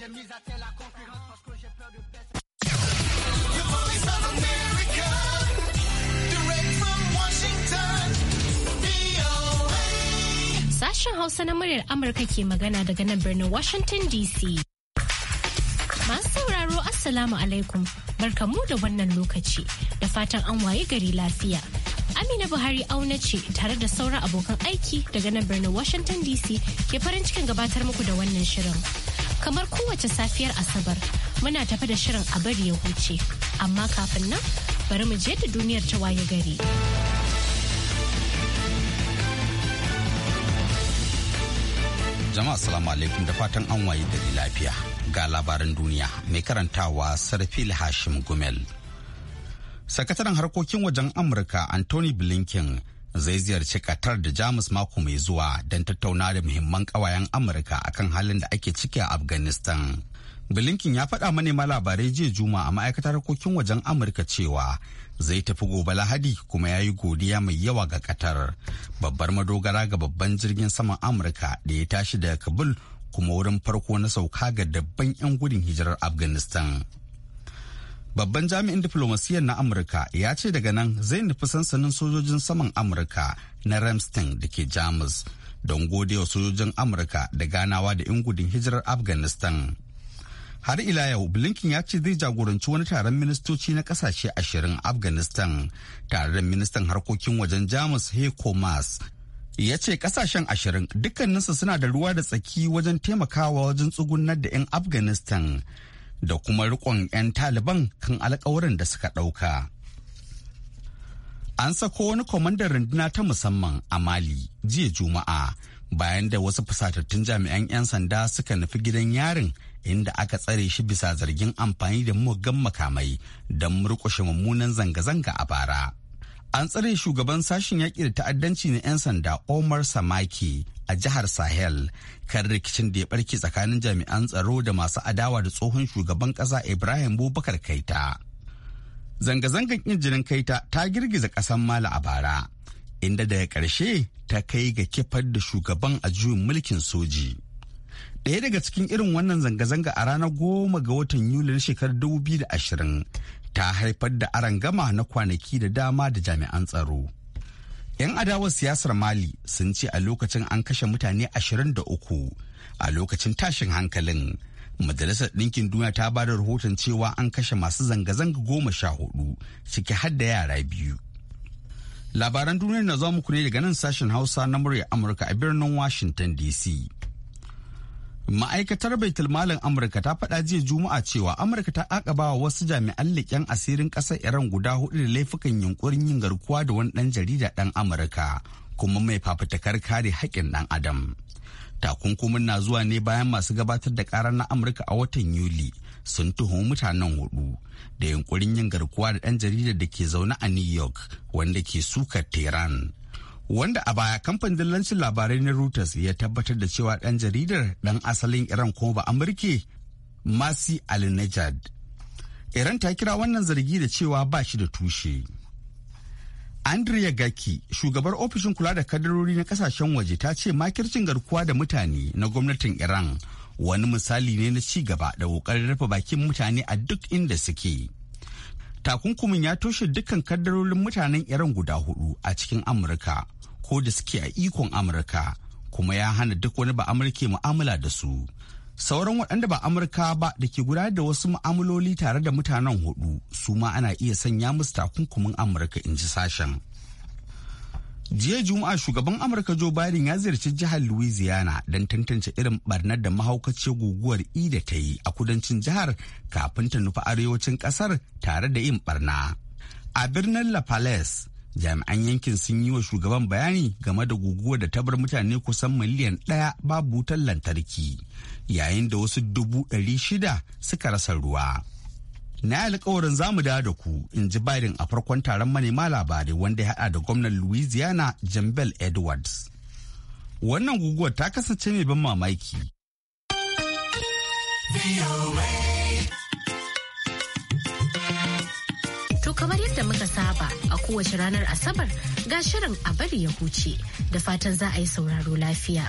Sashen Hausa na muryar Amurka ke magana daga nan birnin Washington DC. Masu sauraro Assalamu alaikum barkamu da wannan lokaci da fatan an waye gari lafiya. Amina Buhari auna ce tare da sauran abokan aiki daga nan birnin Washington DC ke farin cikin gabatar muku da wannan shirin. kamar kowace safiyar asabar muna tafi da shirin a bari ya huce amma kafin nan bari mu je da duniyar ta waye gari jama'a salamu alaikum da fatan an waye da lafiya ga labaran duniya mai karantawa sarfil hashim gumel sakataren harkokin wajen amurka anthony blinken zai ziyarci Qatar da Jamus mako mai zuwa don tattauna da muhimman ƙawayen Amurka akan halin da ake ciki a Afghanistan. Blinken ya faɗa manema labarai jiya juma a ma'aikatar harkokin wajen Amurka cewa zai tafi gobe Lahadi kuma ya yi godiya mai yawa ga Qatar, babbar madogara ga babban jirgin saman Amurka da ya tashi daga Kabul kuma wurin farko na sauka ga dabban 'yan gudun hijirar Afghanistan. babban jami'in diflomasiyyar na amurka ya ce daga nan zai nufi sansanin sojojin saman amurka na ramstein da ke jamus don godewa sojojin amurka da ganawa da 'yan hijirar afghanistan har ila yau blinken ya ce zai jagoranci wani taron ministoci na kasashe ashirin afghanistan tare da ministan harkokin wajen jamus heiko mas ya ce kasashen ashirin dukkaninsu suna da ruwa da tsaki wajen taimakawa wajen tsugunar da 'yan afghanistan da kuma rikon 'yan taliban kan alkawarin da suka ɗauka. An sako wani kwamandan runduna ta musamman a Mali jiya Juma'a bayan da wasu fusatattun jami'an 'yan sanda suka nufi gidan yarin inda aka tsare shi bisa zargin amfani da muggan makamai don murkushe mummunan zanga-zanga a bara. An tsare shugaban sashen yaƙi da ta'addanci na 'yan sanda Omar Samaki a jihar Sahel kan rikicin da ya barke tsakanin jami'an tsaro da masu adawa da tsohon shugaban ƙasa Ibrahim Bubakar Kaita. Zanga-zangan injinin Kaita ta girgiza ƙasan Mala a bara, inda daga ƙarshe ta kai ga kifar da shugaban a juyin mulkin soji. Ɗaya daga cikin irin wannan zanga-zanga a ranar goma ga watan Yuli na shekarar 2020 ta haifar da arangama na kwanaki da dama da jami'an tsaro. 'Yan adawar siyasar Mali sun ce a lokacin an kashe mutane 23 a lokacin tashin hankalin. Majalisar Ɗinkin Duniya ta ba da rahoton cewa an kashe masu zanga-zanga goma sha hudu ciki har da yara biyu. Labaran Duniya na za muku ne daga nan sashen Hausa na murya Amurka a birnin Washington DC. Ma'aikatar Baitulmalin Amurka ta faɗa jiya Juma'a cewa Amurka ta akaba wa wasu jami'an leƙen asirin ƙasar Iran guda hudu da laifukan yunkurin yin garkuwa da wani ɗan jarida ɗan Amurka kuma mai fafutukar kare haƙƙin ɗan Adam. Takunkumin na zuwa ne bayan masu gabatar da ƙara na Amurka a watan Yuli sun tuhumi mutanen hudu da yunkurin yin garkuwa da ɗan jaridar da ke zaune a New York wanda ke sukar Tehran. wanda a baya kamfanin dillancin labarai na Reuters ya tabbatar da cewa ɗan jaridar ɗan asalin Iran kuma ba Amurke Masi al Iran ta kira wannan zargi da cewa ba shi da tushe. Andrea Gaki, shugabar ofishin kula da kadarori na kasashen waje ta ce makircin garkuwa da mutane na gwamnatin Iran wani misali ne na ci gaba da kokarin rufe bakin mutane a duk inda suke. Takunkumin ya toshe dukkan kadarorin mutanen Iran guda hudu a cikin Amurka. Ko da suke a ikon amurka kuma ya hana duk wani ba amurke mu'amala da su sauran waɗanda ba amurka ba da ke gudanar da wasu mu'amaloli tare da mutanen hudu su ma ana iya sanya musu takunkumin amurka in ji sashen jiya juma'a shugaban amurka joe biden ya ziyarci jihar louisiana don tantance irin barnar da mahaukaciyar guguwar ida e ta yi a kudancin jihar kafin ta nufi arewacin kasar tare da yin barna a birnin la palace jami'an yankin sun yi wa shugaban bayani game da guguwar da ta bar mutane kusan miliyan ɗaya babu wutar lantarki yayin da wasu dubu ɗari shida suka rasa ruwa na yi alkawarin za mu da ku in ji biden a farkon taron manema labarai wanda ya haɗa da gwamnan louisiana jambel edwards wannan guguwar ta kasance mai ban mamaki kamar yadda muka saba a kowace ranar asabar ga shirin a bari ya huce da fatan za a yi sauraro lafiya.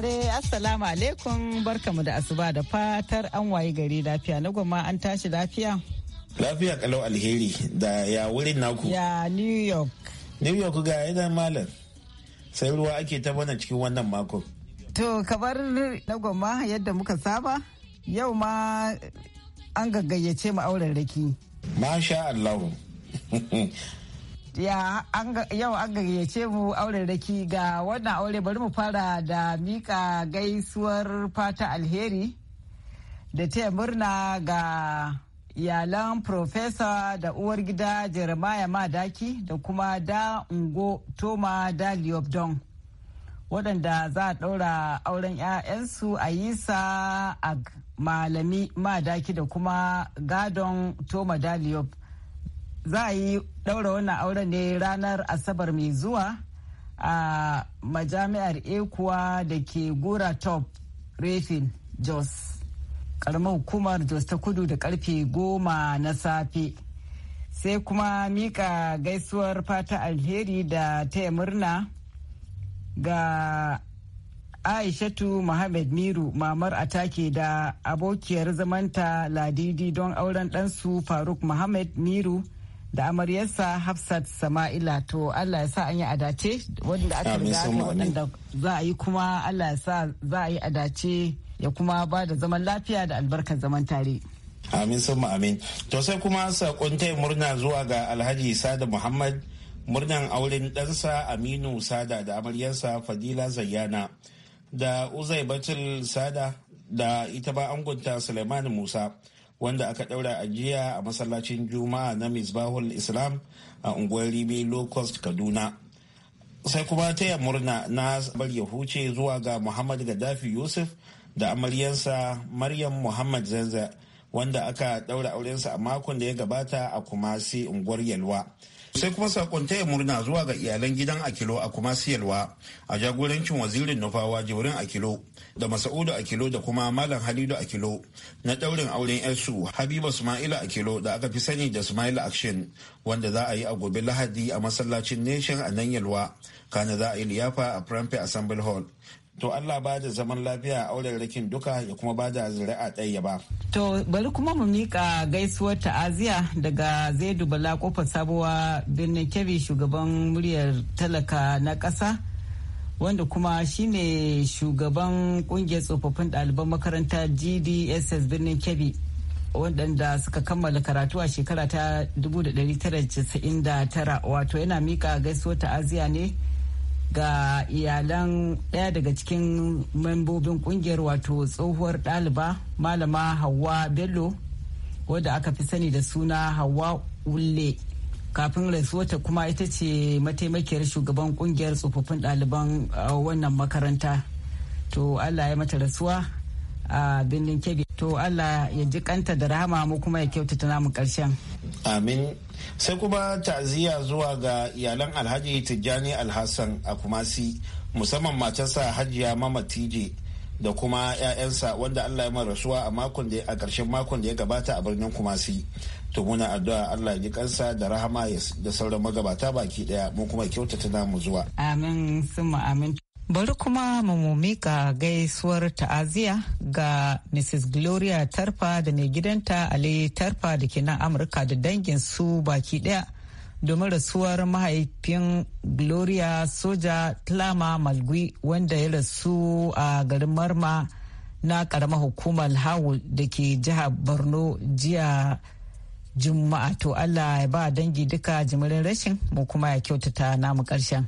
saurare Assalamu alaikum barkamu da asuba da fatar an wayi gari lafiya na gwamma an tashi lafiya. Lafiya kalau alheri da ya wurin naku. Ya New York. New York ga yana malam sai ruwa ake ta bana cikin wannan mako. To kabar na gwamma yadda muka saba yau ma an gaggayyace mu auren raki. Masha allahu. ya yau an gayyace mu auren raki ga wannan aure bari mu fara da mika gaisuwar fata alheri da taya murna ga iyalan profesa da uwar gida jeremiah madaki da kuma da ungo toma da liobdon waɗanda za a ɗaura auren 'ya'yansu a yisa a malami madaki da kuma gadon toma da za a yi daura wannan auren ne ranar asabar mai zuwa a majami'ar ekuwa da ke gura top refin jos karamar hukumar jos ta kudu da karfe goma na safe sai kuma mika gaisuwar fata alheri da taya murna ga aishatu muhammad miru mamar atake da abokiyar zamanta ladidi don auren ɗansu faruk muhammad miru da amaryarsa Hafsat Sama'ila to Allah ya sa an yi adace wanda aka riga aka waɗanda za a yi kuma Allah ya sa za a yi adace ya kuma ba da zaman lafiya da albarkar zaman tare. Amin sun amin. To sai kuma saƙon taya murna zuwa ga Alhaji Sada Muhammad murnan auren ɗansa Aminu Sada da amaryarsa Fadila Zayyana da Uzai Batul Sada da ita ba angunta Suleiman Musa. wanda aka daura a jiya a masallacin juma'a na misbahul islam a unguwar ribe low cost kaduna sai kuma taya murna na bar ya huce zuwa ga muhammad gaddafi yusuf da amaryansa maryam muhammad zanza wanda aka daura aurensa a makon da ya gabata a kumasi unguwar yalwa sai kuma sakon taya murna zuwa ga iyalan gidan akilo a kumasi yalwa a jagorancin wazirin nufawa jibrin akilo da Masa'udu Akilo da kuma Malam Halidu a kilo na daurin auren yarsu Habiba Sumaila Akilo da aka fi sani da Sumaila Action wanda za a yi a gobe Lahadi a masallacin Nation a nan Yalwa kana za a yi liyafa a Prampe Assembly Hall. To Allah ba da zaman lafiya a auren rikin duka ya kuma ba da zuri'a ɗaya ba. To bari kuma mu miƙa gaisuwar ta'aziya daga Zaidu Bala kofar sabuwa birnin Kebbi shugaban muryar talaka na ƙasa. wanda kuma shine shugaban kungiyar tsofaffin ɗaliban makaranta gdss birnin kebbi waɗanda suka kammala karatu a shekara ta 1999 wato yana mika gaisuwar ta'aziya ne ga iyalan ɗaya daga cikin membobin kungiyar wato tsohuwar ɗaliba malama hawa bello wadda aka fi sani da suna hawa ulle kafin rasuwata kuma ita ce mataimakiyar shugaban kungiyar tsofaffin ɗaliban wannan makaranta to allah ya mata rasuwa a birnin kebe. to allah ya ji kanta da rahama mu kuma ya kyautata namu karshen amin sai kuma ta'aziyya zuwa ga iyalan alhaji tijjani alhassan a kumasi musamman matarsa hajiya mama tije da kuma 'ya'yansa wanda Allah ya rasuwa a makon da a ƙarshen makon da ya gabata a birnin Kumasi. To muna addu'a Allah ya ji kansa da rahama da sauran magabata baki daya mu kuma kyautata namu zuwa. Amin summa amin. Bari kuma mu ga gaisuwar ta'aziya ga Mrs. Gloria Tarfa da mai gidanta Ali Tarfa da ke nan Amurka da dangin su baki daya. domin rasuwar mahaifin gloria soja tlama malgui wanda ya rasu a garin marma na karamar hukumar hawul da ke jihar borno jiya juma'a to allah ya ba dangi duka jimirin rashin mu kuma ya kyautata namu karshen.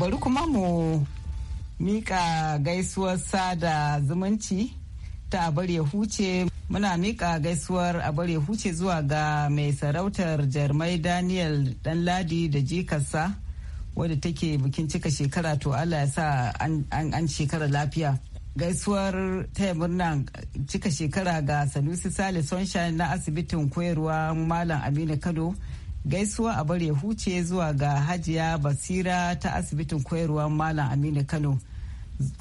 bari kuma mu mika gaisuwar sada zumunci ta abar ya huce muna mika gaisuwar abar ya huce zuwa ga mai sarautar jarmai daniel danladi da jikarsa wadda take bikin cika shekara to allah ya sa an shekara lafiya gaisuwar taya murna cika shekara ga sanusi sale sunshine na asibitin koyarwa malam aminu kano gaisuwa a bar huce zuwa ga hajiya basira ta asibitin koyarwar malam aminu kano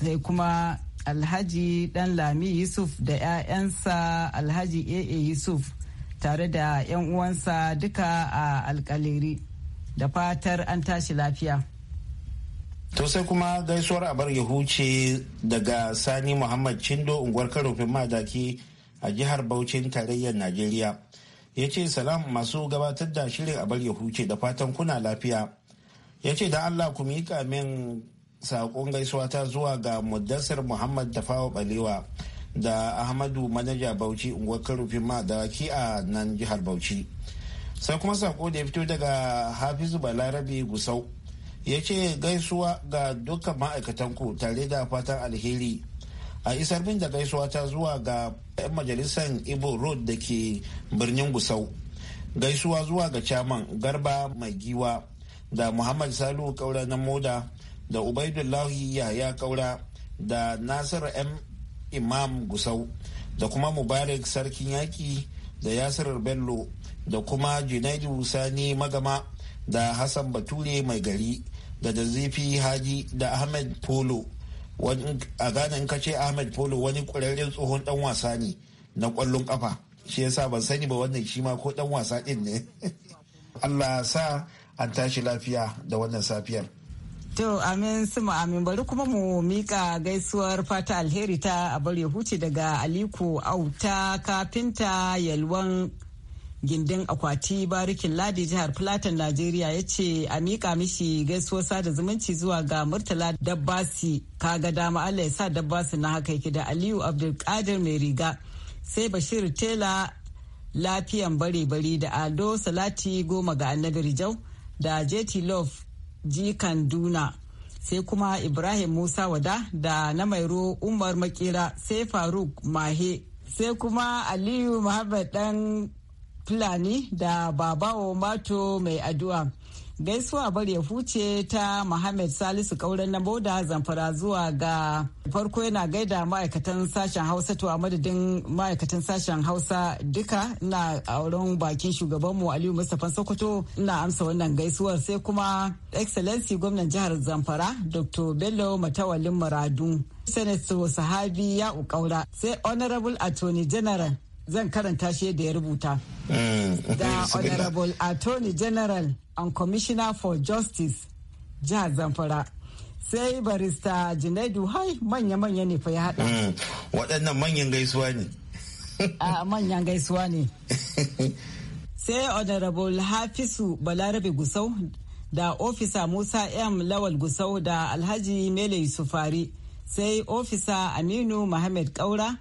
sai kuma alhaji dan lami yusuf da 'ya'yansa alhaji aa yusuf tare da 'yan uwansa duka a alkaliri da fatar an tashi lafiya to sai kuma gaisuwar abar ya huce daga sani muhammad cindo unguwar karofin madaki a jihar Bauchin tarayyar najeriya ya ce salam masu gabatar da shirin a bar ya huce da fatan kuna lafiya ya ce da allah ku miƙa min saƙon gaisuwa ta zuwa ga muddasir muhammad tafawa balewa da ahmadu manaja bauchi unguwar ma da ki a nan jihar bauchi sai kuma saƙo da ya fito daga hafizu balarabi gusau ya ce gaisuwa ga dukkan ma'aikatanku tare da fatan alheri a isar bin da gaisuwa ta zuwa ga 'yan majalisar ibo road da ke birnin gusau gaisuwa zuwa ga chairman garba mai giwa da muhammad salu kaura na moda da ubaidullahi yaya kaura da nasir m imam gusau da kuma mubarak sarkin yaki da yasir bello da kuma junaidu sani magama da hassan bature mai gari da da zafi haji da ahmed polo a Ghana in ka ce Ahmed Polo wani ƙwararren tsohon dan wasa ne na kwallon kafa shi yasa ban sani ba wannan shi ma ko dan wasa ɗin ne Allah sa an tashi lafiya da wannan safiyar To amin suma amin bari kuma mu mika gaisuwar fata alheri ta abar ya huce daga Aliko Auta kafinta Yalwan gindin akwati barikin ladi jihar Plateau Najeriya ya ce a miƙa mishi gaisuwar sada zumunci zuwa ga Murtala Dabbasi kaga dama Allah ya sa Dabbasi na haka yake da Aliyu Abdulkadir mai riga sai Bashir Tela lafiyan bare-bare da Ado Salati goma ga Annabi Rijau da JT Love ji Kanduna sai kuma Ibrahim Musa Wada da na Mairo Umar Makera sai Faruk Mahe sai kuma Aliyu Muhammad dan Fulani da Babawo Mato mai addu'a. Gaisuwa bari ya huce ta Muhammad Salisu kauren na Boda Zamfara zuwa ga farko yana gaida ma'aikatan sashen Hausa to a madadin ma'aikatan sashen Hausa duka na auren bakin shugabanmu Aliyu Mustapha Sokoto na amsa wannan gaisuwar sai kuma Excellency gwamnan jihar Zamfara Dr. Bello Matawalin Maradu. Senator Sahabi ya ukaura sai Honorable Attorney General zan karanta shi da ya rubuta. Eh, da Honorable Attorney General and Commissioner for Justice jihar Zamfara. Sai barista Junaidu hai manya-manya ne fa ya haɗa. Hmm, waɗannan manyan gaisuwa ne. A ah, manyan gaisuwa ne. Sai Honorable Hafisu Balarabe Gusau da Ofisa Musa M. Lawal Gusau da Alhaji Mele Yusufari. Sai Ofisa Aminu Muhammad Kaura.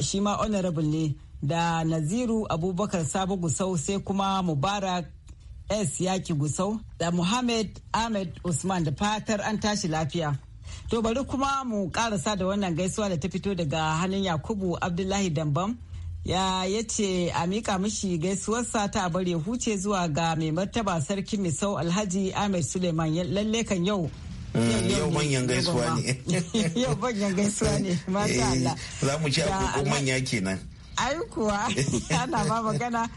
shi ma honorable ne da naziru abubakar sabo gusau sai kuma mubarak s yaki gusau da muhammad ahmed usman da fatar an tashi lafiya to bari kuma mu karasa da wannan gaisuwa da ta fito daga hannun yakubu abdullahi dambam ya ce a miƙa mishi gaisuwarsa ta bare huce zuwa ga mai martaba sarki misau alhaji ahmed suleiman lalle kan yau Mm, yau manyan gaisuwa ne yau manyan gaisuwa ne eh, Allah za mu ci agogo manya kenan ai kuwa ana ba magana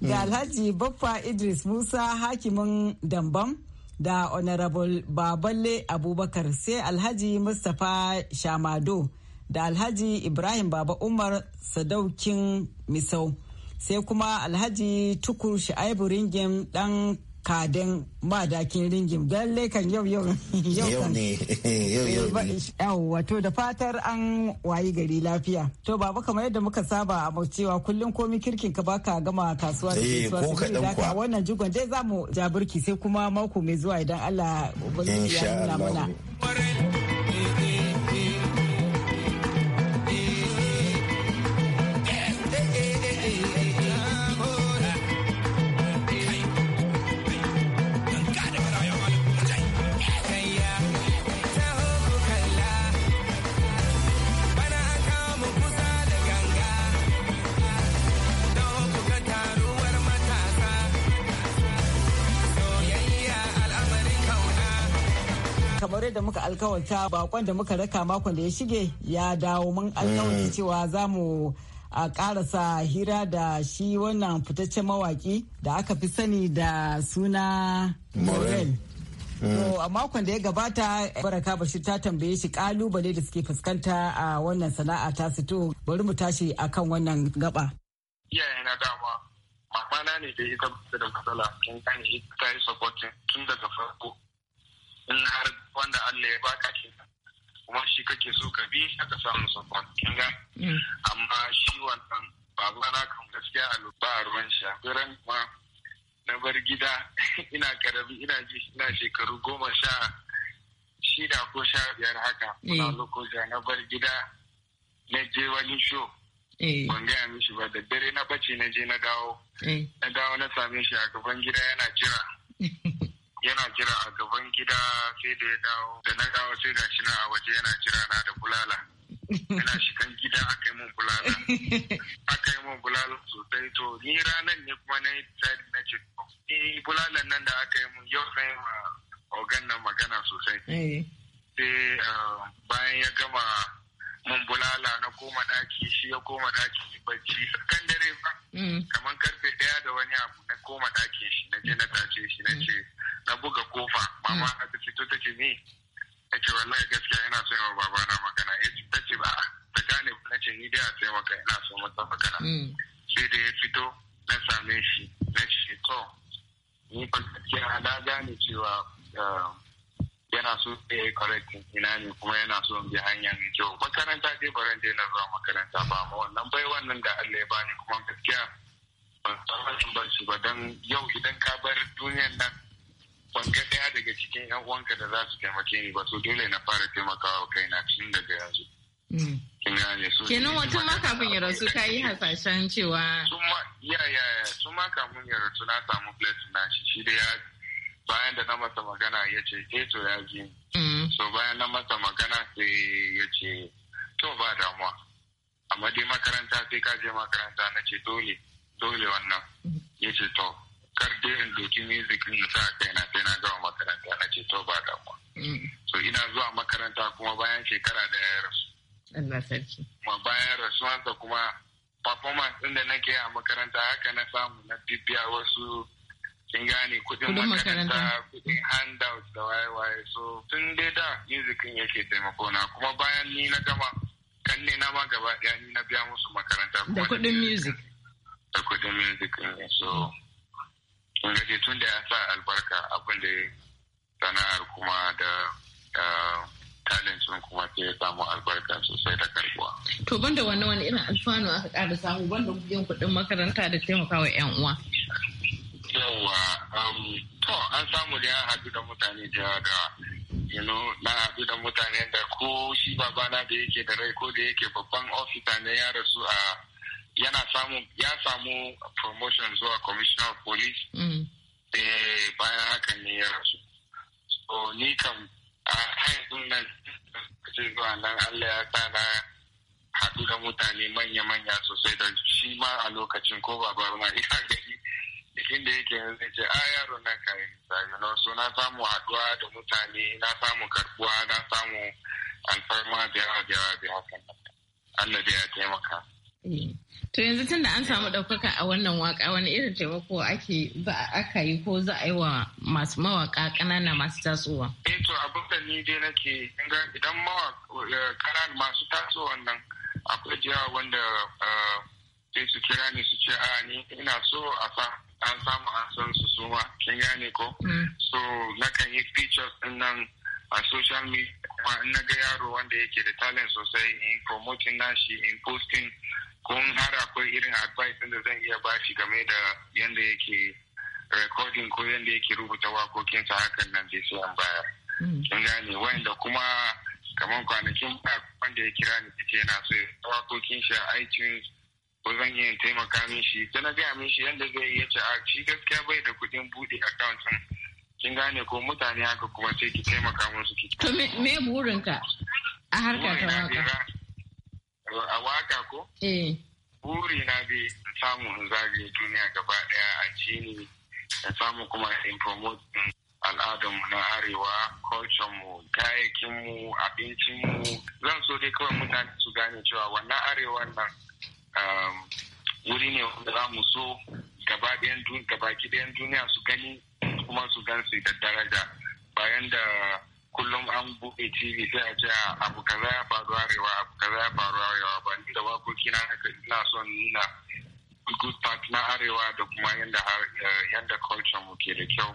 da mm. Alhaji Baffa Idris Musa hakimin Dambam da Honorable Baballe Abubakar sai Alhaji Mustapha Shamado da Alhaji Ibrahim Baba Umar Sadaukin Misau sai kuma Alhaji Tukur Sha'ibu Ringin dan kadin madakin ringin don kan yau yau yau ne yau yau wato da fatar an wayi gari lafiya to baba kamar yadda muka saba a cewa kullum komi kirkin ka baka gama kasuwa da eh, kasuwa ka wannan jigon dai za mu jabirki sai kuma mako mai zuwa idan Allah ya nuna aure da muka alkawarta bakon da muka raka makon da ya shige ya dawo mun mm. alkawarta cewa za mu a karasa hira da shi wannan fitaccen mawaki da aka fi sani da suna morel To mm. a makon da ya gabata baraka bashir ta tambaye shi kalubale da suke fuskanta a wannan sana'a ta sito bari mu tashi akan wannan gaba. Iyaye dama mamana ne da ita da matsala kin gane ita yi supporting tun daga farko in har wanda Allah ya baka ke kuma shi kake so ka bi aka samu sabon kinga mm. amma shi wannan babana kan gaskiya a a ruwan sha. ran ma na bar gida ina karabi ina ji ina shekaru goma sha shida ko sha biyar haka muna mm. lokoja na bar gida na je wani show mm. ban gaya mishi ba da dare na bace na je na dawo na dawo na same shi a gaban gida yana jira yana jira a gaban gida sai da ya dawo da na dawo sai ga shi a waje yana jira na da bulala yana shigan gida aka yi mun bulala aka yi mun bulala sosai to ni ranar ne kuma na yi tsari na ce oh, ni bulalan nan da aka yi mun yau na yi ma ogan nan magana sosai eh. sai ah, bayan ya gama mun bulala na koma daki shi ya koma daki bacci kan dare ba mm. kamar karfe daya da wani abu na koma daki shi na je na tace shi na ce na buga kofa mama hmm. ta fito ta ce ni ta ce wallahi gaskiya yana so yawa baba na magana ya ce ta ce ba ta gane na ce ni dai a ce maka ina so mata magana hmm. sai da ya fito na same shi na ce to ni ba gaskiya na gane cewa eh, yana so ya yi correcting ina ne kuma yana so in bi hanya mai kyau makaranta dai baran dai na zuwa makaranta ba mu wannan bai wannan da Allah ya bani kuma gaskiya ban san ba don yau idan ka bar duniyar nan ban daya daga cikin yan uwanka da za su taimake ni ba to dole na fara taimakawa na tun daga yanzu. Mm. Kenan wata ma kafin ya rasu ka yi hasashen cewa. Ya ya ya su ma kafin ya na samu plate na shi shi da ya bayan da na masa magana ya ce ke eh to ya ji. Mm. So bayan na masa magana sai ya ce to ba damuwa. Amma dai makaranta sai ka je makaranta na ce dole dole wannan mm. ya ce to kar dai in doki music in sa kai na sai na gama makaranta na ce to ba kuma mm. so ina zuwa makaranta kuma bayan shekara da ya rasu Allah sarki kuma bayan rasuwansa kuma performance din da nake a makaranta haka na samu na bibiya wasu kin gane kudin makaranta kudin handout da waye-waye so tun dai da musikin yake taimako na kuma bayan ni na gama kan na ma gaba daya ni na biya musu makaranta da kuɗin music da kudin music so kun ga tun da ya sa albarka abin da sana'ar kuma da talent kuma sai samu albarka sosai da karbuwa. To banda da wani irin alfanu aka ƙara samu banda biyan kuɗin makaranta da taimakawa 'yan uwa. Yawwa, um, to an samu da ya haɗu da mutane da yawa you know, na haɗu da mutane da ko shi babana da yake da rai ko da yake babban ofisa ne ya rasu a yana samu ya samu promotion zuwa commissioner of police da mm. eh, bayan hakan ne ya rasu so ni kam a haifin nan zuwa nan allah ya sa na haɗu da mutane manya-manya sosai da shi ma a lokacin ko babar ma ina gani jikin da yake yanzu ce a ah, yaro na kayi misali na so na samu haɗuwa da mutane na samu karbuwa na samu alfarma da yawa da yawa da hakan Allah da ya taimaka. To yanzu tun da an samu ɗaukaka a wannan waka wani irin taimako ake ba aka yi ko za a yi wa masu mawaka ƙanana masu tasowa. Eh to abin da ni dai nake idan mawaka eh, masu tasowa nan akwai jiya wanda eh, sai su kira ni su ce a ni ina so a sa an samu an san su suma kin gane ko. Mm. So nakan yi features ɗin nan a social media kuma in na ga yaro wanda yake da talent sosai in promoting nashi in posting kun har akwai irin advice da zan iya bashi game da yadda yake recording ko yadda yake rubuta waƙoƙinsa hakan nan zai sai an bayar. Hmm. Kin gane wanda kuma kamar kwanakin ba wanda ya kira ni ce yana so ya wakokin shi a iTunes ko zan iya taimaka min shi ta na gaya min shi yadda zai iya ce a shi gaskiya bai da kuɗin buɗe account kin gane ko mutane haka kuma sai ki taimaka musu ki. To me burinka a harkar ta a waka ko? Eh. Buri na dai samu in zagaye duniya gaba daya a jini in samu kuma in promote al'adarmu na arewa, mu kayakinmu, abincinmu. Zan so dai kawai mutane su gane cewa wannan arewa nan um, wuri ne wanda za mu so gabaki ɗayan duniya su gani kuma su gan su da daraja bayan da kullum an buɗe tv sai a ce ah, abu kaza ya faru arewa abu kaza ya faru arewa ba ni da wakoki na haka ina son nuna good part na arewa da kuma yanda eh, yanda culture mu ke da kyau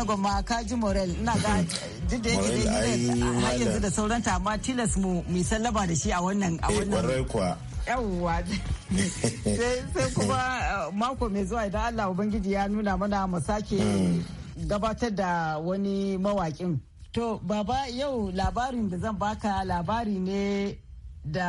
na goma kaji morel ina ga da yake da yanzu da sauranta amma tilas mu mu sallaba da shi a wannan a eh, wannan yawwa sai kuma uh, mako mai zuwa idan Allah bangiji ya nuna mana mu sake hmm. gabatar da wani mawakin to baba yau labarin da zan baka labari ne da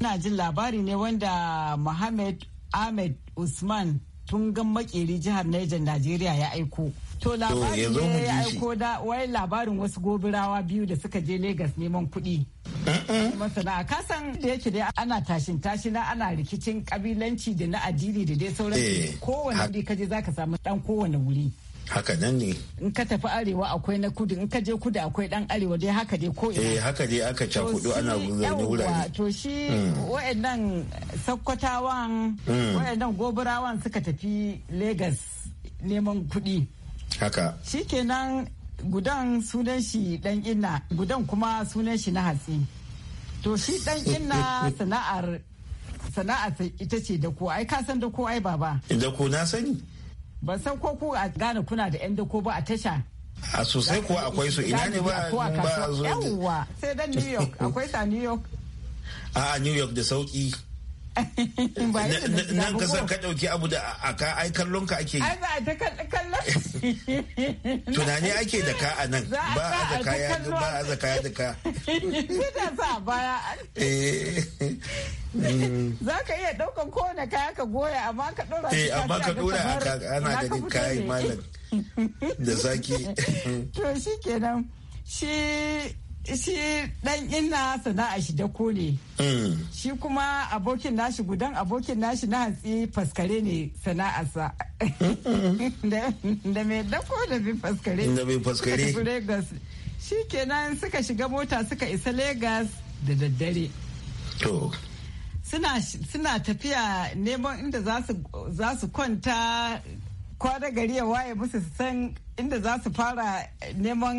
ina jin labari ne wanda Muhammad Ahmed Usman tun gan makeri jihar Niger Najeriya ya aiko. To labarin ya aiko da wai labarin wasu gobirawa biyu da suka je Legas neman kuɗi. Uh-uh. Masana kasan da yake dai ana tashin tashina ana rikicin kabilanci da na addini da dai sauran eh, kowane wuri kaje zaka samu dan kowane wuri. haka nan ne in ka tafi arewa akwai na kudu in ka je kudu akwai dan arewa dai haka dai ko eh haka dai aka kudu ana zaune wurare to shi hmm. wa'annan sakkwatawan hmm. wa'annan gobirawan suka tafi Legas neman kuɗi haka shikenan gudan sunan shi dan inna gudan kuma sunan shi na hatsi to shi dan inna sana'ar sana'ar ita ce da ko ai ka san da ko ai baba da ko na sani ban san ko ku a gane kuna da yan dako ba a tasha a sosai kuwa akwai su ina ne ba a yawwa sai dan new york akwai ta new york a new york da sauki nan kasar ka ɗauki abu da a ka ai kallon ka ake yi. Ai kallon. Tunani ake da ka a nan ba a da kaya ba a da kaya da ka. sa baya. Eh. Za ka iya ɗaukan kowane kaya ka goya amma ka ɗora. Eh, amma ka a ka ana ganin kayan malam da zaki. To shi kenan shi shi dan inna sana'a shi da ne. Eh. Shi kuma abokin nashi gudan abokin nashi na hantsi faskare ne sana'arsa. Da mai dako da bi faskare. Da bi faskare. Lagos. Shi kenan suka shiga mota suka isa Lagos da daddare. To. Suna tafiya neman inda za su kwanta kwada gari ya waye musu san inda za su fara neman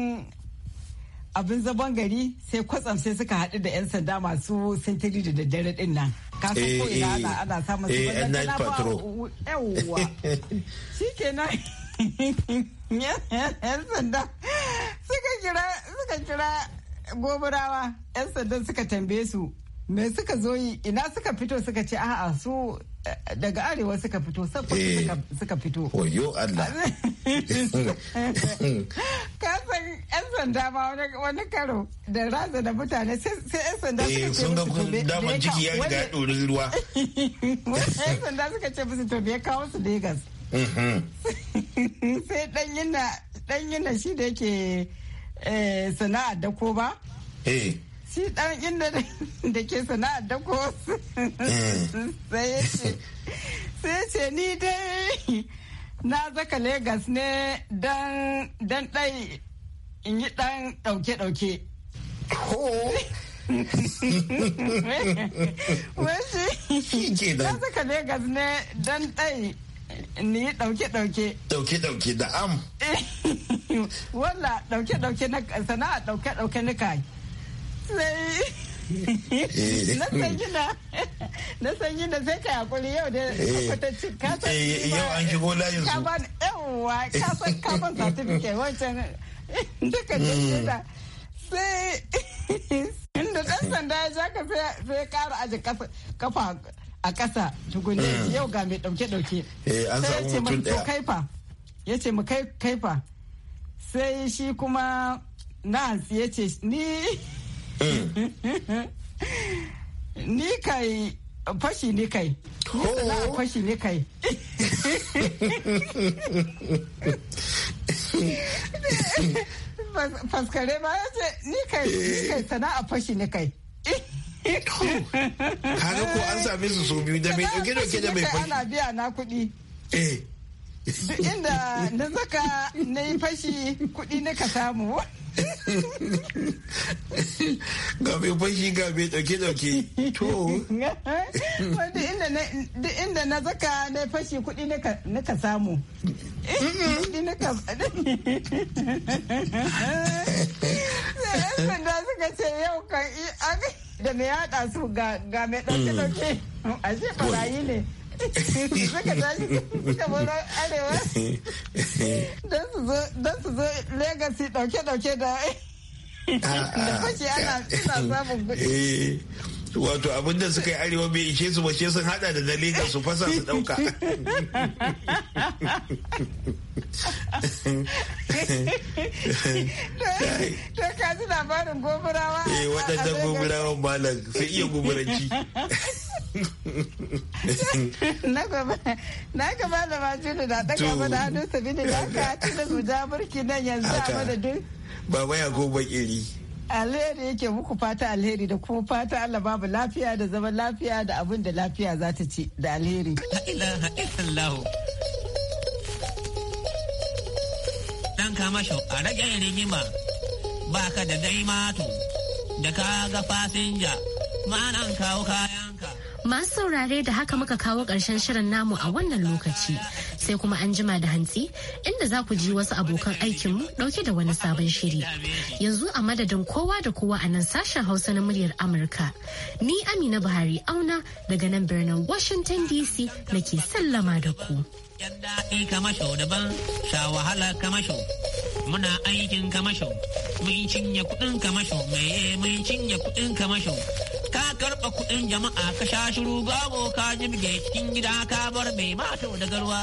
abin zaban gari sai kwatsam sai suka haɗu da 'yan sanda masu sintiri da daddare din nan kasan ko ina ana eh, eh, samun su ban da na ba yawwa shikenan 'yan sanda suka kira suka kira gobarawa 'yan sanda suka tambaye su me suka zo yi ina suka fito suka ce a'a su eh, daga arewa suka fito saboda suka fito yan sanda ba wani karo da raza da mutane sai yan sanda eh, suka ce sun ga ya riga ya ruwa yan sanda suka ce musu tobe ya kawo su Legas. Mm-hmm. sai dan yana shi da yake eh, sana'a da ko ba eh. shi dan inda da ke sana'a da ko sai ce ni dai na zaka Legas ne dan dan dai in yi ɗan ɗauke-ɗauke. Wasu ke da. Ta Legas ne don ɗai ni ɗauke-ɗauke. Ɗauke-ɗauke da am. Wala ɗauke-ɗauke na sana'a ɗauke-ɗauke na kai. Sai eh. na san gina na san gina sai ka hakuri yau da eh. kwatacci ka san eh, yau an shigo layin su ka ban yawwa ka san ka ban certificate wancan Mm. duka da sai inda dan sanda ya ja ka sai kara aji kafa a kasa tukunne mm. yau ga mai dauke ɗauke eh, sai ya ce mu kaifa ya ce mu kaifa sai shi kuma na ya ce ni mm. ni kai fashi ni kai oh. na fashi ni kai faskare ma ya ce ni eh. kai sana'a fashi ni kai kaga ko an same su so biyu da mai ɗauke ɗauke da mai fashi ana biya na kuɗi eh duk inda na zaka na yi fashi kuɗi na ka samu ga mai fashi ga mai dauke-dauke to duk inda na zaka na yi fashi kuɗi na ka samu kuɗi na ka suka ce yau kan da mai yada su ga mai dauke-dauke ashe barayi ne suka don su zo legacy dauke-dauke da fashi ana samun wato abin da suka yi arewa bai ishe su bace sun hada da dalilin su fasa su dauka ta kaji labarin goburawa eh waɗannan gomurawa malam sai iya gomuranci na gaba da ba da na daga mana hannun sabi da ya ka ci da guda burki nan yanzu a madadin baba ya goma iri alheri yake muku fata alheri da kuma fata Allah babu lafiya da zaman lafiya da abin da lafiya za ta ci da alheri. Dan kama shau a rage rigima ba ka da dai mato da ka ga fasinja ma'anan kawo kayanka. Masu saurare da haka muka kawo ƙarshen shirin namu a wannan lokaci. sai kuma an jima da hantsi inda za ku ji wasu abokan aikinmu dauke da wani sabon shiri. Yanzu a madadin kowa da kowa a nan sashen Hausa na muryar Amurka. Ni Amina Buhari auna daga nan birnin Washington DC ke sallama da ku. Yan daɗi kamasho sha wahala kamasho. Muna aikin kamasho, mun cinye kuɗin kamasho, meye mun cinye kuɗin kamasho. Ka karɓa kuɗin jama'a ka sha shiru gago ka jibge cikin gida ka bar mai mato da garwa.